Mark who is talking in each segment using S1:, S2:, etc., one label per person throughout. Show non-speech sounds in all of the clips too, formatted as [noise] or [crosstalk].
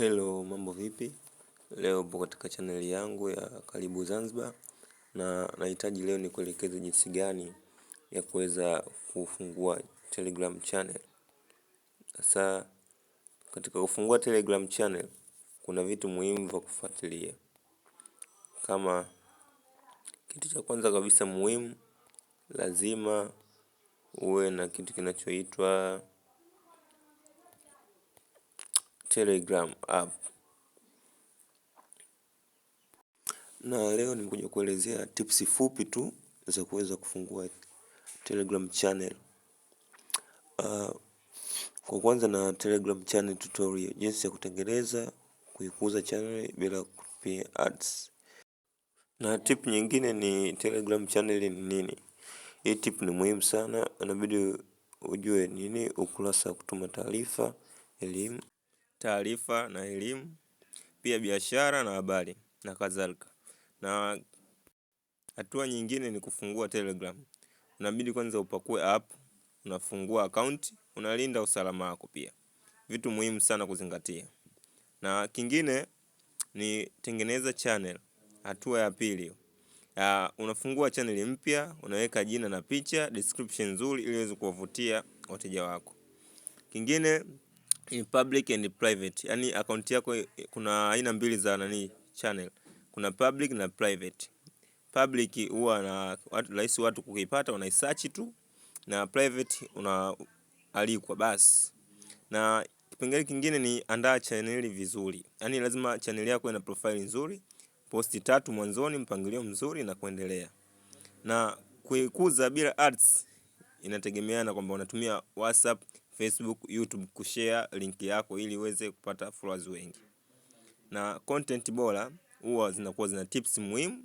S1: Hello, mambo vipi? Leo upo katika chaneli yangu ya Karibu Zanzibar na nahitaji leo nikuelekeze jinsi gani ya kuweza kufungua Telegram channel. Sasa katika kufungua Telegram channel kuna vitu muhimu vya kufuatilia. Kama kitu cha kwanza kabisa muhimu lazima uwe na kitu kinachoitwa Telegram app. Na leo nimekuja kuelezea tips fupi tu za kuweza kufungua Telegram channel. Uh, kwa kwanza na Telegram channel tutorial, jinsi ya kutengeneza kuikuza channel bila kupia ads. Na tip nyingine ni Telegram channel ni nini? Hii tip ni muhimu sana, inabidi ujue nini ukurasa wa kutuma taarifa, elimu taarifa na elimu, pia biashara na habari na kadhalika. Na hatua nyingine ni kufungua telegram. Unabidi kwanza upakue app, unafungua account, unalinda usalama wako pia. Vitu muhimu sana kuzingatia. Na kingine ni tengeneza channel. Hatua ya pili. Unafungua channel mpya, unaweka jina na picha, description nzuri ili iweze kuwavutia wateja wako. Kingine in public and private. Yani account yako kuna aina mbili za nani channel. Kuna public na private. Public huwa na watu rahisi watu kukipata, kuipata, search tu na private unaalikwa basi. Na kipengele kingine ni andaa channel vizuri. yani lazima channel yako ina profile nzuri, posti tatu mwanzoni, mpangilio mzuri na kuendelea. Na kuikuza bila ads inategemeana kwamba unatumia WhatsApp, Facebook, YouTube kushare link yako ili uweze kupata followers wengi. Na content bora huwa zinakuwa zina tips muhimu,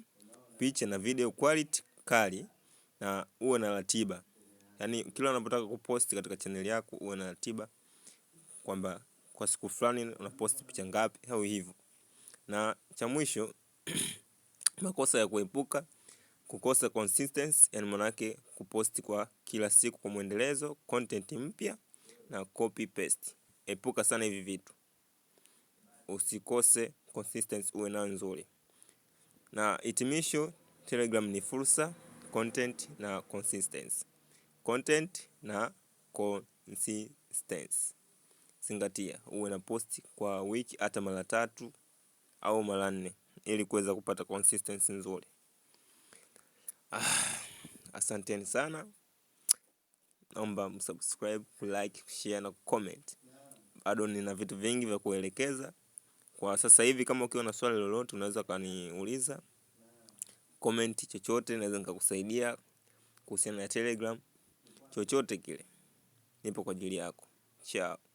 S1: picha na video quality kali na uwe na ratiba. Yaani kila unapotaka kupost katika channel yako uwe na ratiba kwamba kwa siku fulani unapost picha ngapi au hivyo. Na cha mwisho [clears throat] makosa ya kuepuka kukosa consistency, yani maana kuposti kwa kila siku kwa mwendelezo content mpya na copy paste. Epuka sana hivi vitu, usikose consistency, uwe nayo nzuri. Na hitimisho, Telegram ni fursa, content na consistency, content na consistency. Zingatia, uwe na post kwa wiki hata mara tatu au mara nne ili kuweza kupata consistency nzuri. Ah, asanteni sana naomba msubscribe, kulike, kushare na kucomment. Bado nina vitu vingi vya kuelekeza kwa sasa hivi. Kama ukiwa na swali lolote, unaweza ukaniuliza comment chochote, naweza nikakusaidia kuhusiana na Telegram, chochote kile, nipo kwa ajili yako. Chao.